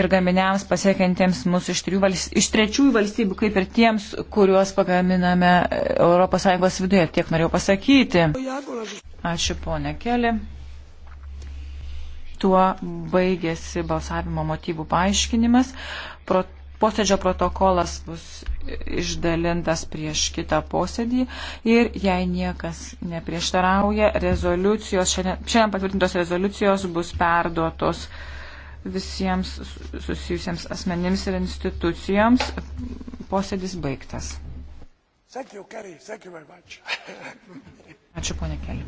ir gaminiams pasiekiantiems mūsų iš, valstybių, iš trečiųjų valstybių, kaip ir tiems, kuriuos pagaminame ES viduje. Tiek norėjau pasakyti. Ačiū ponė Keli. Tuo baigėsi balsavimo motyvų paaiškinimas. Pro, posėdžio protokolas bus išdalintas prieš kitą posėdį ir jei niekas neprieštarauja, rezoliucijos, šiandien, šiandien patvirtintos rezoliucijos bus perduotos visiems susijusiems asmenims ir institucijoms. Posėdis baigtas. Ačiū, ponė Keli.